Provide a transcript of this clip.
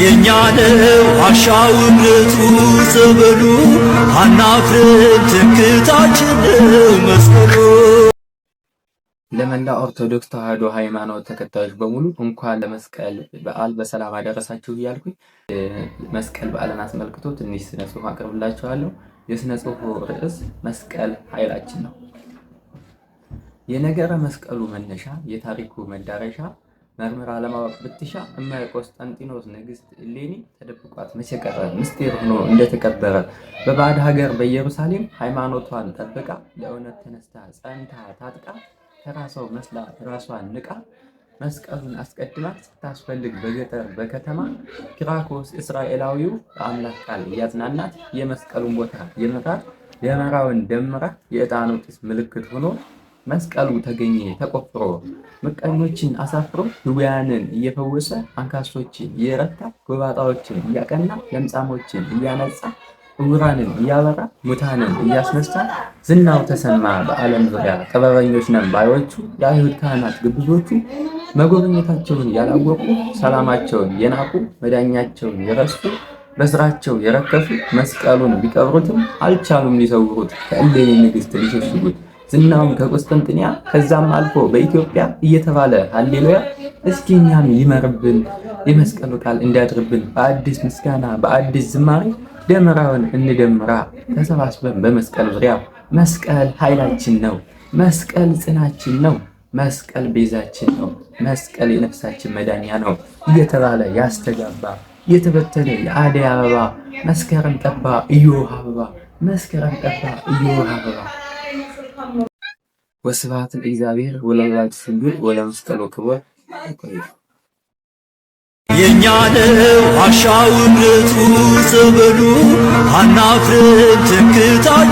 የእኛ ነው አሻው እምነቱ ዘበሉ አናፍርም ትምክህታችን መስቀሉ። ለመላ ኦርቶዶክስ ተዋሕዶ ሃይማኖት ተከታዮች በሙሉ እንኳን ለመስቀል በዓል በሰላም አደረሳችሁ እያልኩኝ መስቀል በዓልን አስመልክቶ ትንሽ ስነ ጽሑፍ አቅርብላችኋለሁ። የስነ ጽሑፉ ርዕስ መስቀል ኃይላችን ነው። የነገረ መስቀሉ መነሻ፣ የታሪኩ መዳረሻ መርምራ ለማወቅ ብትሻ የቆስጠንጢኖስ ንግስት እሌኒ ተደብቋት መቼ ቀረ? ምስጢር ሆኖ እንደተቀበረ በባዕድ ሀገር በኢየሩሳሌም ሃይማኖቷን ጠብቃ ለእውነት ተነስታ ጸንታ ታጥቃ ከራሰው መስላ ራሷን ንቃ መስቀሉን አስቀድማ ስታስፈልግ በገጠር በከተማ ኪራኮስ እስራኤላዊው በአምላክ ቃል እያጽናናት የመስቀሉን ቦታ የመራት የመራውን ደምራ የዕጣኑ ጢስ ምልክት ሆኖ መስቀሉ ተገኘ ተቆፍሮ ምቀኞችን አሳፍሮ ድውያንን እየፈወሰ አንካሶችን እየረታ ጎባጣዎችን እያቀና ለምጻሞችን እያነጻ እውራንን እያበራ ሙታንን እያስነሳ ዝናው ተሰማ በዓለም ዙሪያ። ጥበበኞች ነን ባዮቹ የአይሁድ ካህናት ግብዞቹ መጎብኘታቸውን ያላወቁ ሰላማቸውን የናቁ መዳኛቸውን የረሱ በስራቸው የረከሱ መስቀሉን ቢቀብሩትም አልቻሉም ሊሰውሩት ከእሌኒ ንግሥት ሊሸሽጉት ዝናውን ከቁስጥንጥንያ ከዛም አልፎ በኢትዮጵያ እየተባለ ሃሌሉያ እስኪ እኛም ይመርብን፣ የመስቀሉ ቃል እንዲያድርብን በአዲስ ምስጋና በአዲስ ዝማሬ ደመራውን እንደምራ። ተሰባስበን በመስቀል ዙሪያ መስቀል ኃይላችን ነው። መስቀል ጽናችን ነው። መስቀል ቤዛችን ነው። መስቀል የነፍሳችን መዳኛ ነው እየተባለ ያስተጋባ የተበተነ የአደይ አበባ መስከረም ጠባ እየውሃ አበባ መስከረም ጠባ እየውሃ አበባ ወስብሐት ለእግዚአብሔር ወለወላዲቱ ድንግል ወለመስቀሉ ክቡር። የእኛ ነው አሻው ምረቱ ጽብሉ አናፍርም ትምክህታችን